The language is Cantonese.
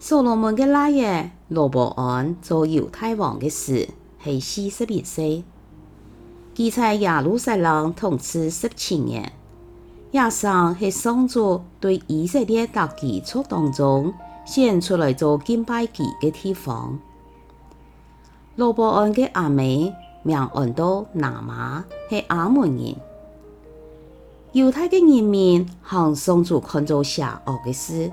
所羅門的拉月羅伯恩做猶太王的時係四十二歲，而在耶路撒冷統治，十七年亞生係上主對以色列大寄錯當中顯出來做敬拜器的地方。羅伯恩的阿妹名按到南馬係阿門人，猶太的人民向上主看做邪惡的事。